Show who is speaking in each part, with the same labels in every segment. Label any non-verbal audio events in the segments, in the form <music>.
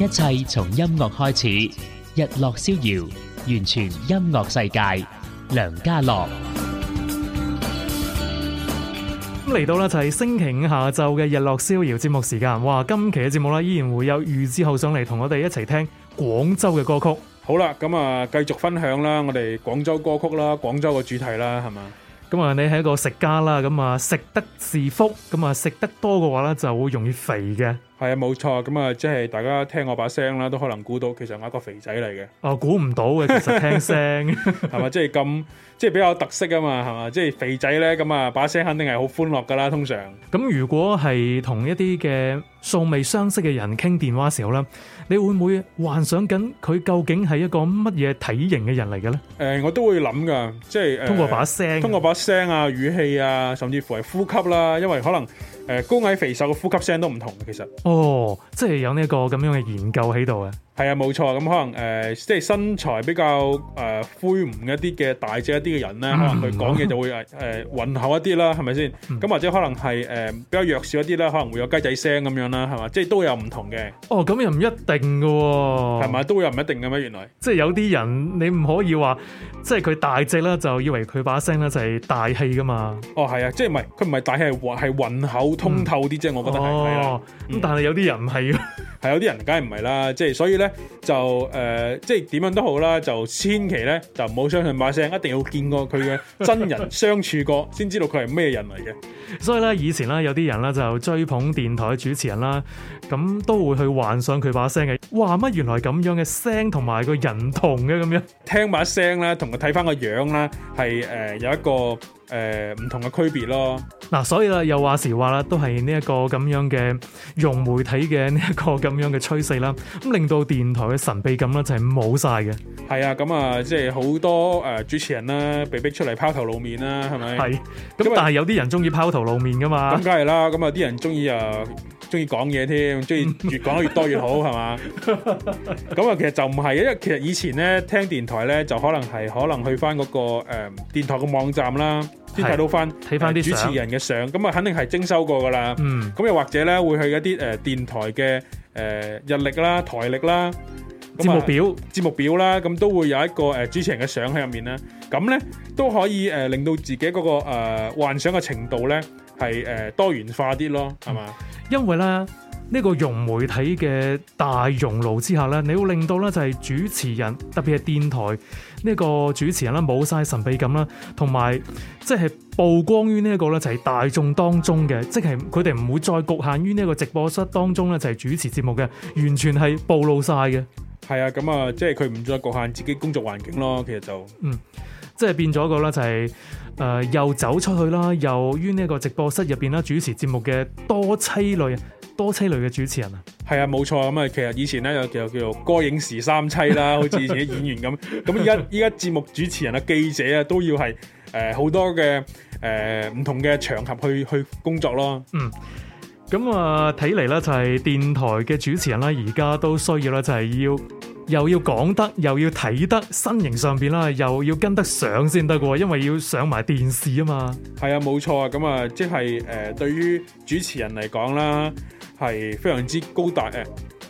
Speaker 1: 一切從音樂開始，日落逍遙，完全音樂世界，梁嘉樂。咁
Speaker 2: 嚟到啦，就係星期五下晝嘅日落逍遙節目時間。哇，今期嘅節目呢，依然會有俞志浩上嚟同我哋一齊聽廣州嘅歌曲。
Speaker 3: 好啦，咁啊，繼續分享啦，我哋廣州歌曲啦，廣州嘅主題啦，係嘛？
Speaker 2: 咁、嗯、啊，你係一個食家啦，咁、嗯、啊，食得是福，咁、嗯、啊，食得多嘅話咧，就會容易肥嘅。
Speaker 3: 係啊，冇錯，咁、嗯、啊，即係大家聽我把聲啦，都可能估到其實我係一個肥仔嚟嘅。
Speaker 2: 哦，估唔到嘅，其實聽聲
Speaker 3: 係嘛，即係咁，即係比較特色啊嘛，係嘛，即係肥仔咧，咁啊，把聲肯定係好歡樂噶啦，通常。
Speaker 2: 咁、嗯、如果係同一啲嘅素未相識嘅人傾電話時候咧？你會唔會幻想緊佢究竟係一個乜嘢體型嘅人嚟嘅咧？
Speaker 3: 誒、呃，我都會諗噶，即係通過把聲，通過把聲啊，啊、語氣啊，甚至乎係呼吸啦、啊，因為可能誒、呃、高矮肥瘦嘅呼吸聲都唔同嘅，其實
Speaker 2: 哦，即係有呢、這、一個咁樣嘅研究喺度嘅。
Speaker 3: 係啊，冇錯。咁、嗯、可能誒、呃，即係身材比較誒、呃、魁梧一啲嘅大隻一啲嘅人咧、嗯，可能佢講嘢就會誒誒渾厚一啲啦，係咪先？咁、嗯、或者可能係誒、呃、比較弱小一啲咧，可能會有雞仔聲咁樣啦，係嘛？即係都有唔同嘅。
Speaker 2: 哦，咁又唔一定嘅喎、哦，係咪？
Speaker 3: 都會又唔一定嘅咩？原來
Speaker 2: 即係有啲人你唔可以話，即係佢大隻啦，就以為佢把聲咧就係大氣㗎嘛。哦，係啊，即係唔係？佢唔係大氣，係係渾厚通透啲即啫。我覺得係哦，咁、啊嗯、
Speaker 3: 但係有啲人唔係。係有啲人不是，梗係唔係啦，即係所以咧就誒，即係點樣都好啦，就千祈咧就唔好相信把聲，一定要見過佢嘅真人 <laughs> 相處過，先知道佢係咩人嚟嘅。
Speaker 2: 所以咧，以前咧有啲人咧就追捧電台主持人啦，咁都會去幻想佢把聲嘅，哇！乜原來咁樣嘅聲同埋個人同嘅咁樣，聽把聲咧同佢睇翻個樣咧係誒有一個。誒、呃，唔同嘅區別咯，嗱、啊，所以啦，又話時話啦，都係呢一個咁樣嘅用媒體嘅呢一個咁樣嘅趨勢啦，咁令到電台嘅神秘感啦就係冇晒嘅，
Speaker 3: 係啊，咁啊，即係好多誒、呃、主持人啦、啊，被逼出嚟拋頭露面啦、啊，係咪？
Speaker 2: 係，咁但係有啲人中意拋頭露面噶嘛，咁梗
Speaker 3: 係啦，咁啊啲人中意啊。中意講嘢添，中意越講得越多越好，係嘛？咁啊，其實就唔係，因為其實以前咧聽電台咧，就可能係可能去翻嗰個誒電台嘅網站啦，先睇到翻睇翻啲主持人嘅相，咁啊，肯定係徵收過㗎喇。嗯，咁又或者咧會去一啲誒電台嘅誒日曆啦、台曆啦、節目表、節目表啦，咁都會有一個誒主持人嘅相喺入面啦。咁咧都可以誒令到自己嗰個誒幻想嘅程度咧。係誒、呃、多元化啲咯，係、嗯、嘛？
Speaker 2: 因為咧呢、呢個融媒體嘅大熔爐之下咧，你會令到咧就係主持人，特別係電台呢、呢個主持人啦，冇晒神秘感啦，同埋即係曝光於呢一個咧就係大眾當中嘅，即係佢哋唔會再局限於呢個直播室當中咧就係主持節目嘅，完全係暴露晒嘅。係啊，咁啊，即係佢唔再局限自己工作環境咯。其實就嗯，即係變咗個咧就係、是。誒、呃，又走出去啦，又於呢個直播室入邊啦，主持節目嘅多妻類，多妻類嘅主持人是啊，
Speaker 3: 係啊，冇錯。咁啊，其實以前咧有叫叫做歌影視三妻啦， <laughs> 好似以前啲演員咁，咁而家而家節目主持人啊，記者啊，都要係誒好多嘅
Speaker 2: 誒唔同嘅場合去去工作咯。嗯，咁啊睇嚟，咧就係、是、電台嘅主持人啦，而家都需要咧就係要。又要講得，又要睇得，身形上邊啦，又要跟得上先得喎，因為要上埋電視啊嘛。
Speaker 3: 係啊，冇錯啊，咁啊、就是，即係誒，對於主持人嚟講啦，係非常之高大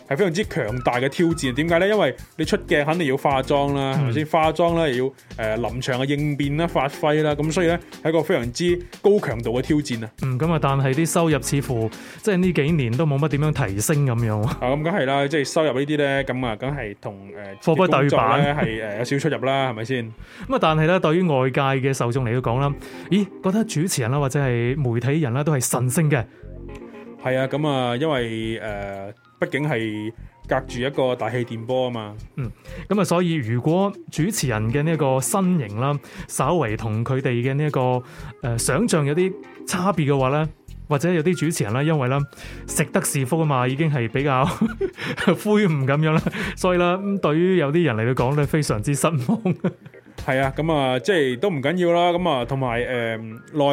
Speaker 3: 係非常之強大嘅挑戰，點解咧？因為你出鏡肯定要化妝啦，係咪先？化妝咧，又要誒臨場嘅應變啦、發揮啦，咁所以咧係一個非常之高強度嘅挑戰啊！
Speaker 2: 嗯，咁啊，但係啲收入似乎即係呢幾年都冇乜點樣提升咁樣
Speaker 3: 啊！咁梗係啦，即係收入呢啲咧，咁啊，梗係同誒貨不對板係誒有
Speaker 2: 少出入啦，係咪先？咁啊，但係咧，對於外界嘅受眾嚟到講啦，咦？覺得主持人啦或者係媒體人啦都係神星嘅，
Speaker 3: 係、嗯、啊！咁、嗯、啊，因為誒。呃畢竟係隔住一個大氣電波啊嘛，嗯
Speaker 2: 咁啊，所以如果主持人嘅呢個身形啦，稍為同佢哋嘅呢個、呃、想象有啲差別嘅話呢，或者有啲主持人咧，因為咧食得是福啊嘛，已經係比較呵呵灰唔咁樣啦，所以啦咁，對於有啲人嚟講咧，非常之失望。係啊，咁啊，即係都唔緊要啦。咁啊，同埋誒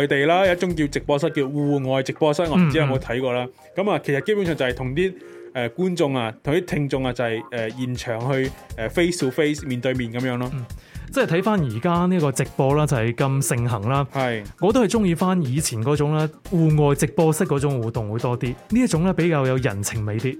Speaker 3: 內地啦，有一種叫直播室，叫戶外直播室。我唔知有冇睇過啦。咁、嗯、啊、嗯，其實基本上就係同啲。誒、呃、觀眾啊，同啲聽眾啊、就是，就係誒現場去誒 face to face
Speaker 2: 面對面咁樣咯、嗯，即係睇翻而家呢個直播啦，就係、是、咁盛行啦。係、啊，我都係中意翻以前嗰種啦，戶外直播室嗰種互動會多啲，呢一種咧比較有人情味啲。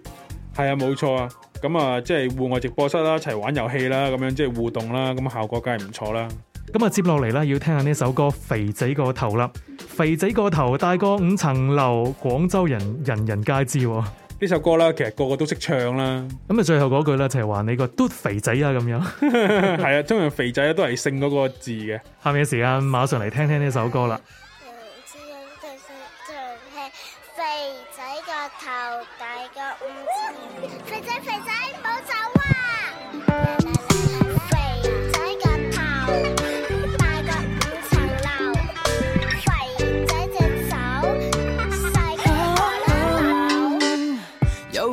Speaker 2: 係、嗯、啊，冇錯啊，
Speaker 3: 咁啊，即係戶外直播室啦，一齊玩遊戲啦，咁樣即係互動啦，咁效果梗係唔錯啦。
Speaker 2: 咁、嗯、啊，接落嚟呢，要聽下呢首歌《肥仔個頭》啦，《肥仔個頭》大過五層樓，廣州人人人皆知、啊。呢首歌啦，其實個個都識唱啦。咁啊，最後嗰句啦，就係話你個嘟肥仔啊，咁樣。係啊，中為肥仔都係姓嗰個字嘅。下面嘅時間馬上嚟，聽聽呢首歌啦。肥仔個頭大個肥仔，肥仔唔好走啊！來來來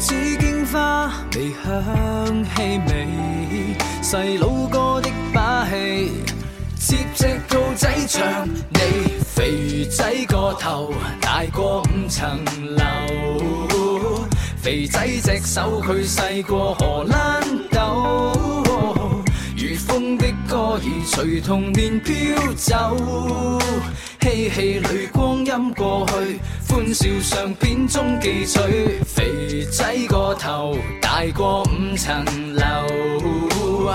Speaker 4: 紫荊花，微香氣味。細佬哥的把戲，接隻兔仔唱。你肥仔個頭大過五層樓，肥仔隻手佢細過荷蘭豆。如風的歌兒隨童年飄走。嬉戲裏光陰過去，歡笑相片中記取。肥仔個頭大過五層樓，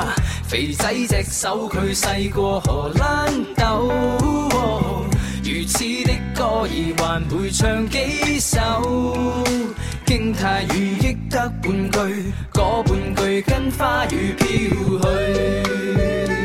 Speaker 4: 肥仔隻手佢細過荷蘭豆。如此的歌兒還會唱幾首？驚嘆如憶得半句，嗰半句跟花雨飄去。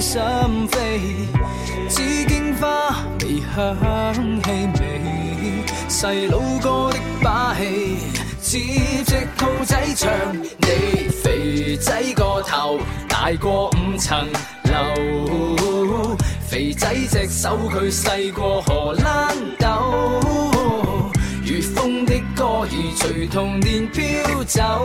Speaker 4: 心扉，紫荊花微香氣味。細佬哥的把戲，只隻兔仔唱，你肥仔個頭大過五層樓。肥仔隻手佢細過荷蘭豆，如風的歌兒隨童年飄走。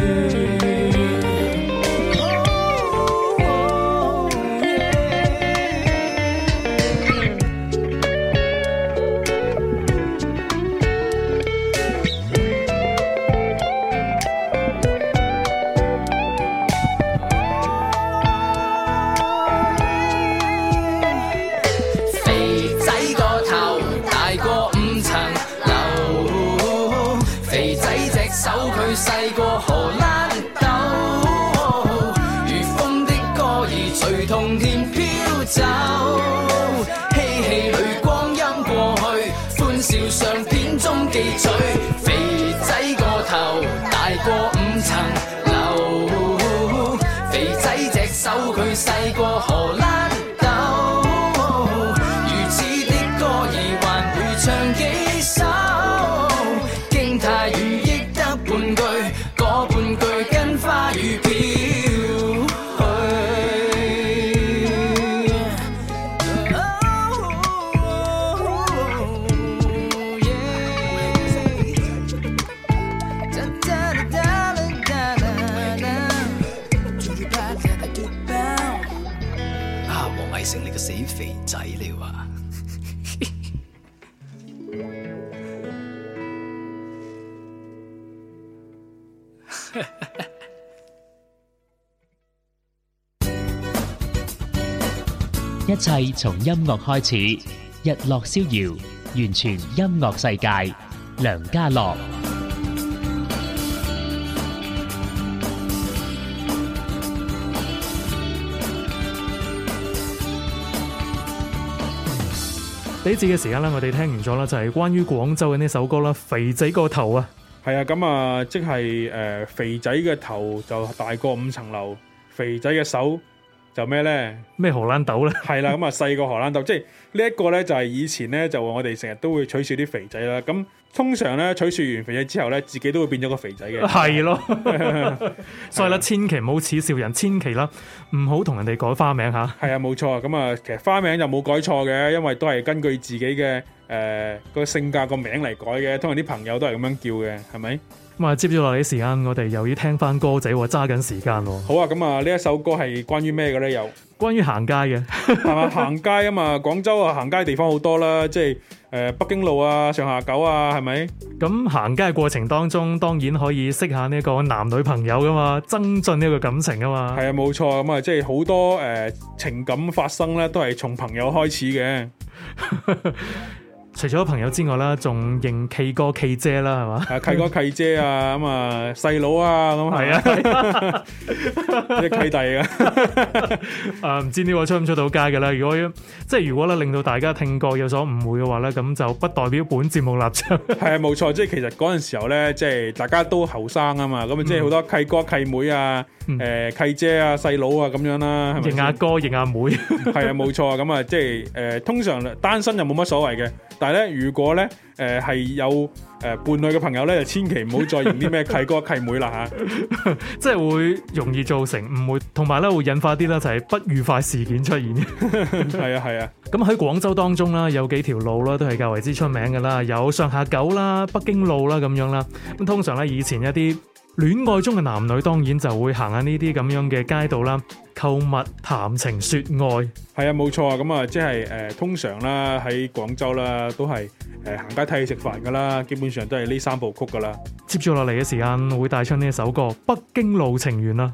Speaker 4: 仔了啊！
Speaker 1: 一切從音樂開始，日落逍遙，完全音樂世界，梁嘉樂。
Speaker 2: 呢次嘅時間咧，我哋聽完咗啦，就係、是、關於廣州嘅呢首歌啦，《肥仔個頭》是啊，係啊，咁啊，即係
Speaker 3: 誒、呃，肥仔嘅頭就大過五層樓，肥仔嘅手。就咩咧？咩荷蘭豆咧？係 <laughs> 啦，咁啊細個荷蘭豆，即係呢一個咧就係以前咧就我哋成日都會取笑啲肥仔啦。咁通常咧取笑完肥仔之後咧，自己都會變咗個肥仔嘅。係咯，
Speaker 2: <laughs> 所以咧千祈唔好恥笑人，千祈啦唔好同人哋改花名吓。
Speaker 3: 係啊，冇 <laughs> 錯。咁啊，其實花名就冇改錯嘅，因為都係根據自己嘅誒個性格個名嚟改嘅。通常啲朋友都係咁樣叫嘅，係咪？
Speaker 2: 咁啊，接住落嚟嘅時間，我哋又要聽翻歌仔，揸緊時間喎。
Speaker 3: 好啊，咁啊，呢一首歌係關於咩嘅咧？又
Speaker 2: 關於行街嘅，
Speaker 3: 係嘛？行街啊嘛，廣州啊行街地方好多啦，即係誒、
Speaker 2: 呃、北京路啊、上下九啊，係咪？咁行街嘅過程當中，當然可以識下呢個男女朋友噶嘛，增進呢個感情噶嘛。係啊，冇錯，咁啊，即係好多誒
Speaker 3: 情感發生咧，都係從朋友開始嘅。 <laughs>
Speaker 2: 除咗朋友之外啦，仲認契哥契姐啦，係嘛？契哥
Speaker 3: 契姐啊，咁啊
Speaker 2: 細佬啊，咁係啊，即契弟啊。誒，唔、啊啊 <laughs> 啊、知呢個出唔出到街嘅啦？如果即係如果咧，令到大家聽覺有所誤會嘅話咧，咁就不代表本節目立場。
Speaker 3: 係啊，冇錯。 <laughs> 即係其實嗰陣時候咧，即係大家都後生啊嘛，咁即係好多契哥契妹啊，誒、嗯呃，契姐啊，細佬啊，咁樣啦。認阿哥認阿妹、嗯，係、嗯、啊，冇錯。咁、嗯、啊、嗯，即係誒、呃，通常單身就冇乜所謂嘅。但係咧，如果咧，誒、呃、係有誒伴侶嘅朋友咧，就千祈唔好再認啲咩契哥契
Speaker 2: 妹啦吓，即 <laughs> 係會容易造成誤會，同埋咧會引發啲咧就係不愉快事件出現。係啊係啊，咁喺、啊、廣州當中啦，有幾條路啦，都係較為之出名㗎啦，有上下九啦、北京路啦咁樣啦。咁通常咧，以前一啲。戀愛中嘅男女當然就會行喺呢啲咁樣嘅街道啦，購物、談情說愛，係啊，冇錯啊，咁啊、就係，即係誒，通常啦喺廣州啦，都係
Speaker 3: 誒行街睇戲食飯噶啦，基本上都係呢三部曲噶啦。
Speaker 2: 接住落嚟嘅時間會帶出呢一首歌《北京路情緣》啦。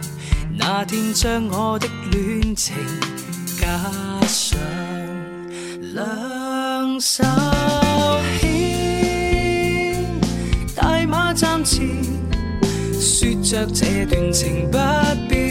Speaker 4: 那天將我的戀情加上兩手牽，大馬站前說着這段情不變。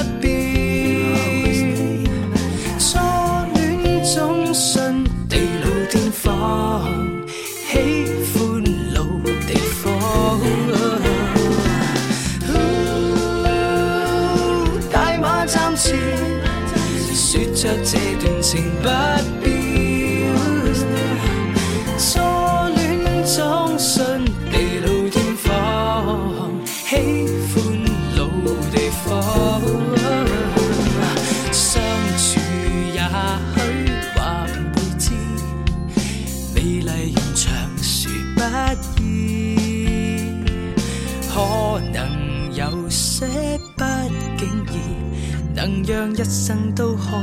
Speaker 4: 這段情不必初戀總信地老天荒，喜歡老地方，相處也許話會知，美麗園長樹不易。可能有些不經意，能讓一生都可。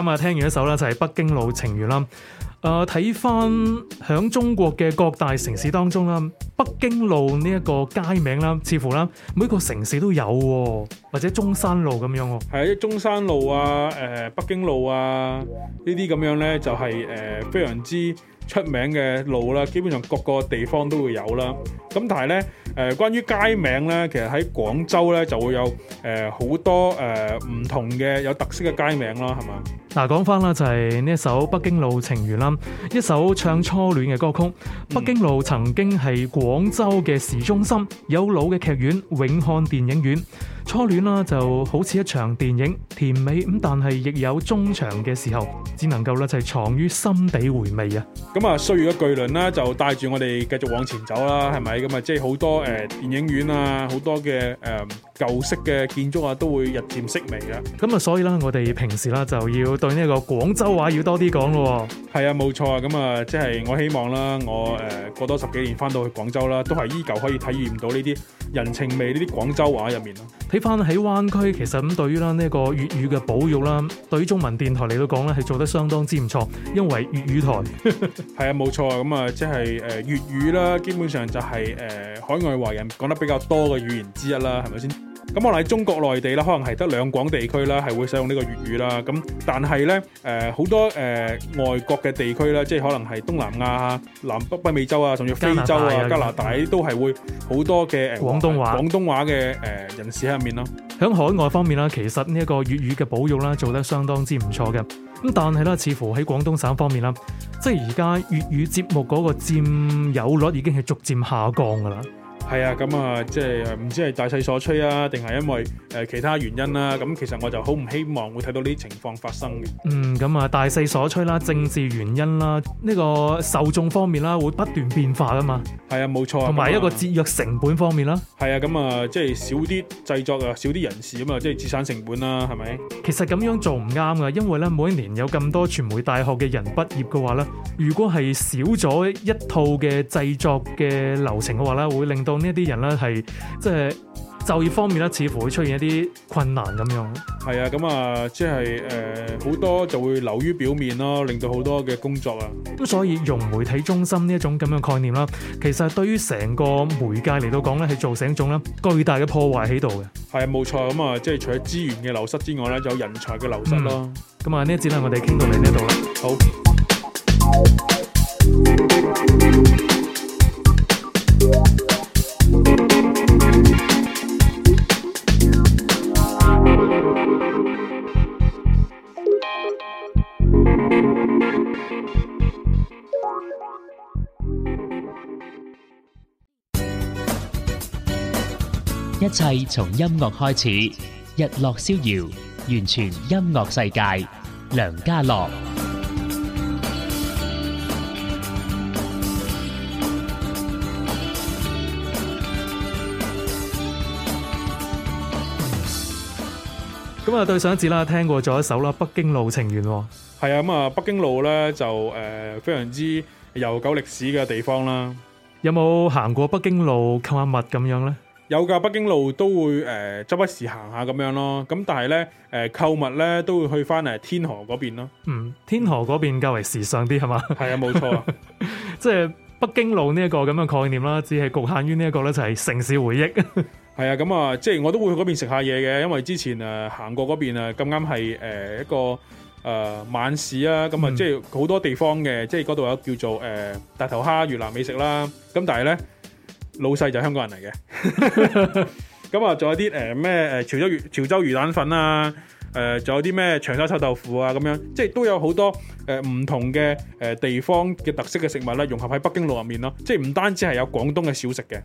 Speaker 2: 咁啊，聽完一首啦，就係《北京路情緣》啦，呃。誒，睇翻響中國嘅各大城市當中啦，《北京路》呢一個街名啦，似乎啦每個城市都有，或者中山路咁樣。
Speaker 3: 係中山路啊，誒，北京路啊，呢啲咁樣咧，就係誒非常之出名嘅路啦。基本上各個地方都會有啦。咁但係咧，誒，關於街名咧，其實喺廣州咧就會有誒好多誒唔同嘅有特色嘅街名啦，係嘛？
Speaker 2: 嗱，講翻啦，就係呢一首《北京路情緣》啦，一首唱初戀嘅歌曲。北京路曾經係廣州嘅市中心，有老嘅劇院永漢電影院。初戀啦，就好似一場電影，甜美咁，但係亦有中場嘅時候，只能夠啦就係藏於心底回味啊。
Speaker 3: 咁啊，歲月嘅巨輪啦，就帶住我哋繼續往前走啦，係咪？咁啊，即係好多誒電影院啊，好多嘅誒。呃舊式嘅建築啊，都會日漸式微嘅。
Speaker 2: 咁啊，所以啦，我哋平時啦就要對呢個廣州話要多啲講咯。係啊，冇錯啊。咁啊，即係我希望啦，我誒過多十幾年翻到去廣州啦，都係依舊可以體
Speaker 3: 驗到呢啲人情味呢啲廣州話入面咯。
Speaker 2: 睇翻喺灣區，其實咁對於啦呢個粵語嘅保育啦，對於中文電台嚟到講咧，係做得相當之唔錯。因為粵語台係 <laughs> 啊，冇錯啊。咁啊，即係誒粵語啦，基本上就係誒海
Speaker 3: 外華人講得比較多嘅語言之一啦，係咪先？咁我嚟中國內地啦，可能係得兩廣地區啦，係會使用呢個粵語啦。咁但係咧，呃、好多、呃、外國嘅地區啦，即係可能係東南亞、啊、南北北美洲啊，仲要非洲啊、加拿大、啊、加拿大都係會好多嘅、呃、廣東話、啊、廣東話嘅、呃、人士喺入面咯。
Speaker 2: 喺海外方面啦，其實呢一個粵語嘅保育啦，做得相當之唔錯嘅。咁但係咧，似乎喺廣東省方面啦，即係而家粵語節目嗰個佔有率已經係逐漸下降㗎啦。
Speaker 3: 係啊，咁啊，即係唔知係大勢所趨啊，定係因為誒其他原因啦。咁其實我就好唔希望會睇到呢啲情況發生嘅。嗯，
Speaker 2: 咁啊，大勢所趨啦，政治原因啦，呢個受眾方面啦，會不斷變化噶嘛。係啊，冇錯。同埋一個節約成本方面啦。
Speaker 3: 係啊，咁啊，即係少啲製作啊，少啲人事啊嘛，即係節省成本啦，係
Speaker 2: 咪？其實咁樣做唔啱噶，因為咧每一年有咁多傳媒大學嘅人畢業嘅話咧，如果係少咗一套嘅製作嘅流程嘅話咧，會令到。呢啲人咧，係即係就業方面咧，似乎會出現一啲困難咁樣。係
Speaker 3: 啊，咁、嗯、啊，即係誒，好、呃、多就會流於表面咯，令到好多嘅工作啊。
Speaker 2: 咁所以，融媒體中心呢一種咁樣概念啦，其實對於成個媒介嚟到講咧，係造成一種啦巨大嘅破壞喺度嘅。
Speaker 3: 係啊，冇錯。咁、嗯、啊，即係除咗資源嘅流失之
Speaker 2: 外咧，有人才嘅流失咯。咁、嗯、啊，呢、嗯、一節咧，我哋傾到嚟呢度啦。好。
Speaker 1: 一切從音樂開始，日落逍遙，完全音樂世界。梁嘉樂，
Speaker 2: 咁啊，對上一次啦，聽過咗一首啦，《北京路情緣》。
Speaker 3: 係啊，咁啊，北京路咧就誒，非常之悠久歷史嘅地方啦。
Speaker 2: 有冇行過北京路購吓物咁樣咧？
Speaker 3: 有噶，北京路都會誒，周、呃、不時行下咁樣咯。咁但係咧，誒、
Speaker 2: 呃、購物咧都會去翻誒天河嗰邊咯。嗯，天河嗰邊較為時尚啲，係、嗯、嘛？係啊，冇錯。即係北京路呢一個咁嘅概念啦，只係局限於呢一個咧，就係城市回憶、嗯。係 <laughs> 啊，咁、嗯、啊，即係我都會去嗰邊食下嘢嘅，因為之前誒行過嗰邊
Speaker 3: 啊，咁啱係誒一個誒、呃呃、晚市啊，咁、嗯、啊、嗯，即係好多地方嘅，即係嗰度有叫做誒、呃、大頭蝦越南美食啦、啊。咁、嗯、但係咧。老細就係香港人嚟嘅， <laughs> 咁啊仲有啲咩潮州魚潮州魚蛋粉啊，仲、呃、有啲咩長沙臭豆腐啊咁樣，即係都有好多唔、呃、同嘅、呃、地方嘅特色嘅食物啦、啊，融合喺北京路入面咯、啊，即係唔單止係有廣東嘅小食嘅。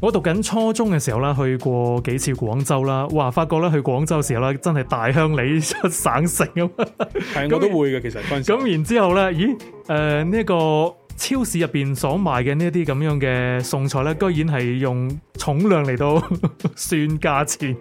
Speaker 2: 我讀緊初中嘅時候啦，去過幾次廣州啦，哇！發覺咧去廣州時候咧，真係大鄉里出省城啊，
Speaker 3: 係我都會嘅，其
Speaker 2: 實咁然之後咧，咦？呢、呃呢個。超市入邊所賣嘅呢一啲咁樣嘅餸菜咧，居然係用重量嚟到算價錢，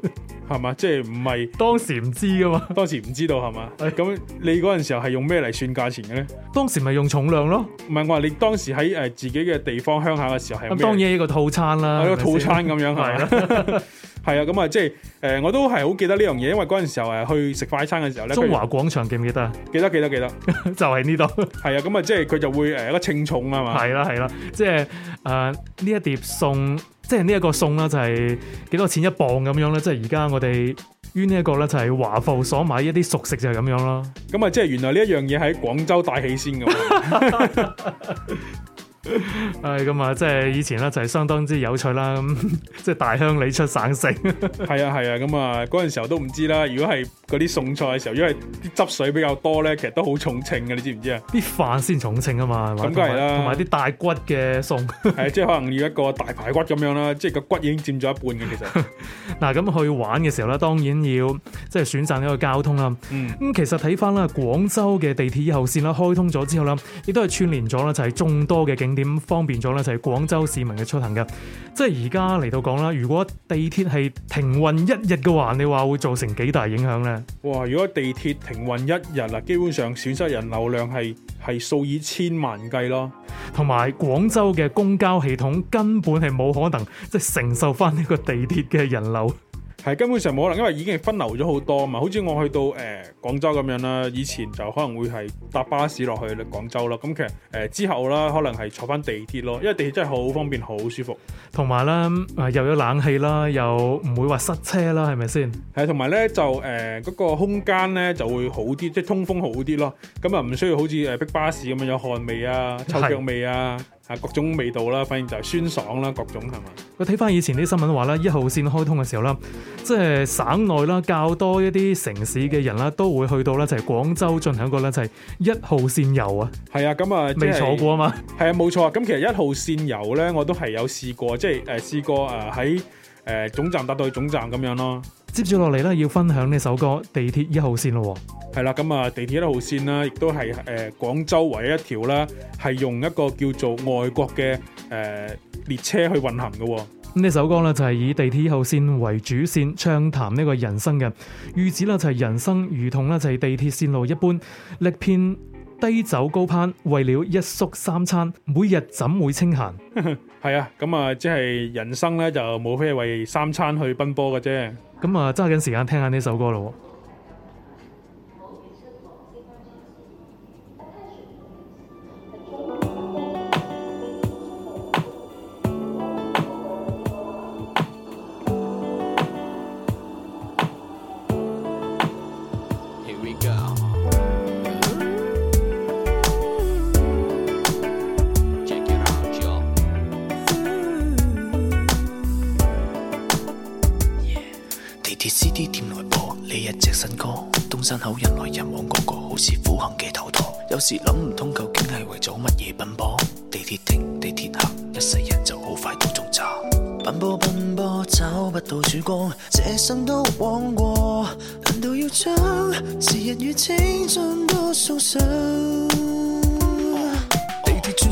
Speaker 2: 係嘛？即係唔係當時唔知噶嘛、嗯？當時唔知道係嘛？咁你嗰陣時候係用咩嚟算價錢嘅咧？當時咪用
Speaker 3: 重量咯，唔係我話你當時喺誒自己嘅地方鄉下嘅時候係用咩？當
Speaker 2: 然係一個套餐啦，啊，係係一個套餐咁樣係 <laughs>
Speaker 3: 是的笑係啊，咁，就是呃 <laughs> 啊，就是呃，啊，啊，即係誒，我都係好記得呢樣嘢，因為嗰陣時候誒去食快餐嘅時候咧，中華
Speaker 2: 廣場記唔記得
Speaker 3: 啊？記得記得記得，就係呢度。係啊，咁啊，即係佢就會誒一個稱重啊嘛。係啦係啦，
Speaker 2: 即係誒呢一碟餸，即係呢一個餸啦，就係幾多錢一磅咁樣咧。即係而家我哋於呢一個咧，就係華富所買一啲熟食就係咁樣咯。
Speaker 3: 咁啊，即係原來呢一樣嘢喺廣州大起先嘅。 <laughs> <laughs>
Speaker 2: 係咁啊，即係以前咧就係相當之有趣啦，咁即係大鄉里出省城。係啊係啊，咁啊嗰陣、那個、時候都唔知啦。如果係
Speaker 3: 嗰啲餸菜嘅時候，因為汁水比較多咧，其實都好重稱嘅，你知唔知啊？
Speaker 2: 啲飯先重稱啊嘛，咁梗係啦，同埋啲大骨嘅餸，
Speaker 3: 係即係可能要一個大排骨咁樣啦，即係個骨已經佔咗一半嘅。其實
Speaker 2: 嗱，咁 <laughs> 去玩嘅時候咧，當然要即係、就是、選擇一個交通啦。嗯，咁、嗯、其實睇翻咧廣州嘅地鐵一號線啦，開通咗之後咧，亦都係串聯咗咧就係眾多嘅景。點方便咗咧，就係廣州市民嘅出行噶。即係而家嚟到講啦，如果地鐵係停運一日嘅話，你話會造成幾大影響呢？
Speaker 3: 哇！如果地鐵停運一日啊，基本上損失人流量係係數以
Speaker 2: 千萬計咯。同埋，廣州嘅公交系統根本係冇可能即係承受翻呢個地鐵嘅人流。
Speaker 3: 係根本上冇可能，因為已經係分流咗好多嘛。好似我去到誒廣州咁樣啦，以前就可能會係搭巴士落去廣州啦。咁其實誒之後啦，可能係坐翻地鐵咯，因為地鐵真係好方便、好舒服，
Speaker 2: 同埋啦，又有冷氣啦，又唔會話塞車啦，係咪先？係，同埋咧就誒
Speaker 3: 嗰個空間咧就會好啲，即係通風好啲咯。咁啊唔需要好似逼巴士咁樣有汗味啊、臭腳味啊。啊，各種味道啦，反正就係酸爽啦，各種係嘛。
Speaker 2: 我睇翻以前啲新聞話咧，一號線開通嘅時候啦，即係省內啦，較多一啲城市嘅人啦，都會去到咧，就係廣州進行一個咧，就係一號線遊啊。係啊，咁啊，未坐過啊嘛。
Speaker 3: 係啊，冇錯啊。咁其實一號線遊咧，我都係有
Speaker 2: 試過，即係誒試
Speaker 3: 過誒喺。呃在誒，總站搭到去總站咁樣咯。
Speaker 2: 接住落嚟咧，要分享呢首歌《地鐵一號線》咯。
Speaker 3: 係啦，咁啊，地鐵一號線啦，亦都係誒廣州唯一條啦，係用一個叫做外國嘅誒列車去運行嘅。咁
Speaker 2: 呢首歌咧就係以地鐵一號線為主線，暢談呢個人生嘅。預指咧就係人生如同咧就係地鐵線路一般，力遍。低走高攀，為了一宿三餐，每日怎會清閒？
Speaker 3: 係 <laughs> 啊，咁啊，即係人生咧，就無非係為三餐去奔波嘅啫。
Speaker 2: 咁啊，揸緊時間聽下呢首歌咯。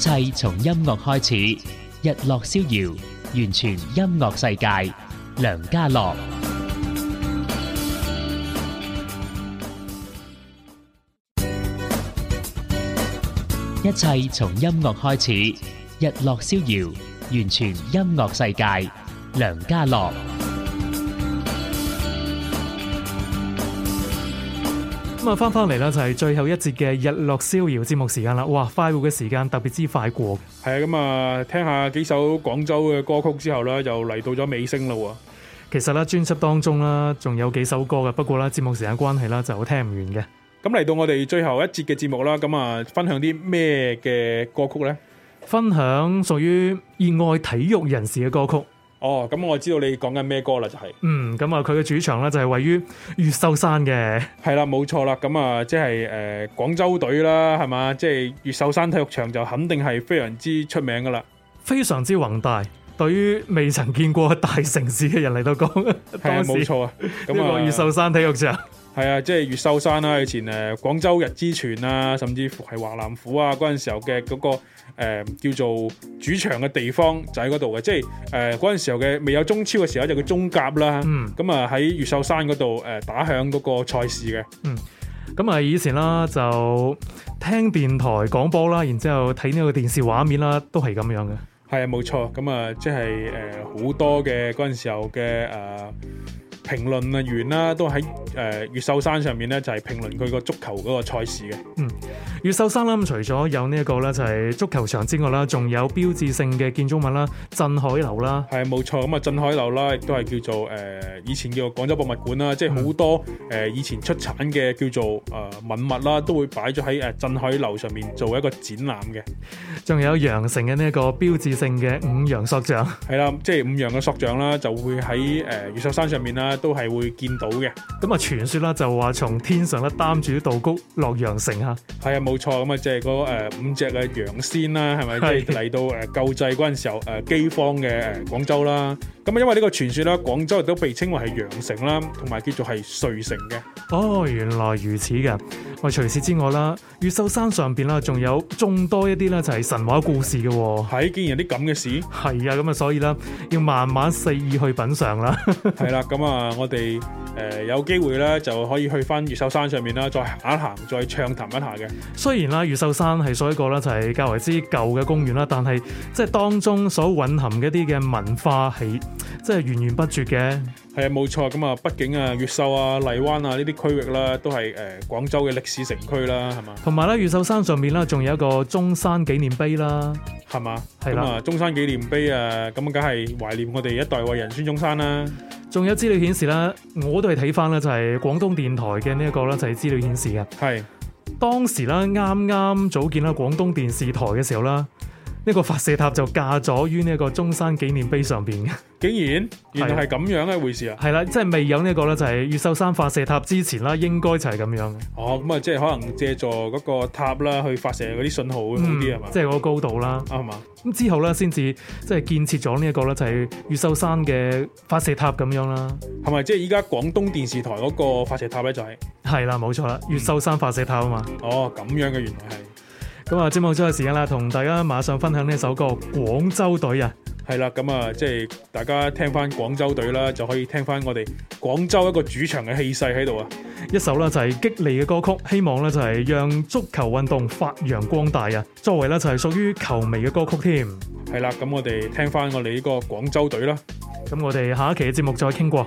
Speaker 1: 一切從音樂開始，日落逍遙，完全音樂世界，梁嘉樂。一切從音樂開始，日落逍遙，完全音樂世界，梁嘉樂。
Speaker 2: 咁啊，翻翻嚟啦，就係最後一節嘅日落逍遙節目時間啦。哇，快活嘅時間特別之快過。
Speaker 3: 係啊，咁啊，聽下幾首廣州嘅歌曲之後咧，就嚟到咗尾聲啦。
Speaker 2: 其實咧，專輯當中啦，仲有幾首歌嘅，不過啦，節目時間關係啦，就好聽唔完嘅。
Speaker 3: 咁嚟到我哋最後一節嘅節目啦，咁啊，分享啲咩嘅歌曲呢？
Speaker 2: 分享屬於熱愛體育人士嘅歌曲。哦，咁我知道你講緊咩歌啦，就係，嗯，咁、嗯、啊，佢嘅主場咧就係位於越秀山嘅，係啦，冇錯啦，咁啊，即係誒廣州隊啦，係嘛，即係
Speaker 3: 越秀山體育場就肯定係非常之出名噶啦，非常之宏大，
Speaker 2: 對於未曾見過大城市嘅人嚟到講，係冇錯啊，
Speaker 3: 咁、嗯、啊、嗯嗯，越秀山體育場，係、嗯、啊，即係越秀山啦，以前誒廣州日之泉啊，甚至乎係華南虎啊，嗰陣時候嘅嗰個。誒、呃、叫做主場嘅地方就喺嗰度嘅，即係誒嗰陣時候嘅未有中超嘅時候就叫中甲啦。嗯，咁啊喺越秀山嗰度誒打響嗰個賽事嘅。嗯，
Speaker 2: 咁啊以前啦就聽電台廣播啦，然之後睇呢個電視畫面啦，都係咁樣嘅。
Speaker 3: 係啊，冇錯。咁啊、就係，即係誒好多嘅嗰陣時候嘅誒。呃評論啊員啦，都喺誒越秀山上面咧，就係評論佢個足球嗰個賽事嘅、嗯。
Speaker 2: 嗯，越秀山啦，除咗有呢、這、一個咧，就係、是、足球場之外啦，仲有標誌性嘅建築物啦，鎮海樓啦。
Speaker 3: 係冇錯，咁、嗯、啊鎮海樓啦，亦都係叫做誒、
Speaker 2: 呃、以前叫做廣州博物館啦，即係好多
Speaker 3: 誒、嗯呃、以前出產嘅叫做誒、呃、文物啦，都會擺咗喺誒鎮海樓上面做一個展覽嘅。
Speaker 2: 仲有羊城嘅呢一個標誌性嘅五羊塑像，係
Speaker 3: 啦，即、就、係、是、五羊嘅塑像啦，就會喺誒越秀山上面啦。都係會見到嘅，咁啊
Speaker 2: 傳說啦就話從天上咧擔住啲稻穀落羊城嚇，
Speaker 3: 係啊冇錯，咁啊即係五隻嘅羊仙啦，係咪即係嚟到誒救濟嗰陣時候誒、呃、饑荒嘅廣州啦？咁因為呢個傳說啦，廣州亦都被稱為係羊城啦，同埋叫做係穗
Speaker 2: 城嘅。哦，原來如此嘅。喂，除此之外啦，越秀山上邊啦，仲有眾多一啲咧，就係神話故事嘅。哦。係，竟然有啲咁嘅事。係啊，咁啊，所以啦，要慢慢細意去品嘗啦。係啦，咁啊，我哋誒、呃，有機會
Speaker 3: 咧，就可以去翻越秀山上面啦，再行一行，再暢談一下嘅。
Speaker 2: 雖然啦、啊，越秀山係屬於一個咧就係較為之舊嘅公園啦，但係即係當中所蘊含嘅一啲嘅文化係。即係源源不絕嘅，係啊，冇錯。咁啊，畢竟啊，越秀啊、荔
Speaker 3: 灣啊呢啲區域啦，都係誒廣州嘅歷史城區啦，係嘛。
Speaker 2: 同埋咧，越秀山上面咧，仲有一個中山紀念碑啦，係嘛。係啦、啊，
Speaker 3: 中山紀念碑啊，咁梗係
Speaker 2: 懷念我哋一代偉人孫中山啦。仲有資料顯示啦，我都係睇翻咧，就係、是、廣東電台嘅呢一個咧，就係資料顯示嘅。係當時咧，啱啱組建啦廣東電視台嘅時候啦。呢、這個發射塔就架咗於呢個中山紀念碑上邊嘅，
Speaker 3: 竟然原來係咁樣一、啊、回事啊！
Speaker 2: 係啦、啊，即係未有呢、這、一個咧，就係、是、越秀山發射塔之前啦，應該就係咁樣。
Speaker 3: 哦，咁啊，即係可能借助嗰個塔啦，去發射嗰啲信號好啲係嘛？
Speaker 2: 即係嗰個高度啦，係、啊、嘛？咁之後咧，先至即係建設咗呢一個咧，就係、是、越秀山嘅發射塔咁樣啦。
Speaker 3: 係咪？即係依家廣東電視台嗰個
Speaker 2: 發射塔咧，就係係啦，冇、啊、錯啦，越秀山發射塔啊嘛、嗯。哦，咁樣嘅原來係。咁啊，節目最後時間啦，同大家馬上分享呢首歌《廣州隊》啊，係啦，咁啊，即係
Speaker 3: 大家聽翻廣州隊啦，就可以聽翻我哋廣州一個主場嘅氣勢喺
Speaker 2: 度啊！一首呢就係激勵嘅歌曲，希望呢就係讓足球運動發揚光大啊！作為呢就係屬於球迷嘅歌曲添，係啦，咁我哋聽翻我哋呢個廣州隊啦，咁我哋下一期嘅節目再傾過。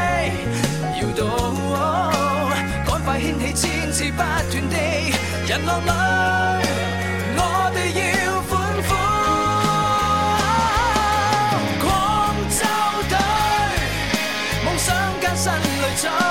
Speaker 4: 掀起千次不斷的人浪裏，我哋要歡呼廣州隊，夢想跟心裏走。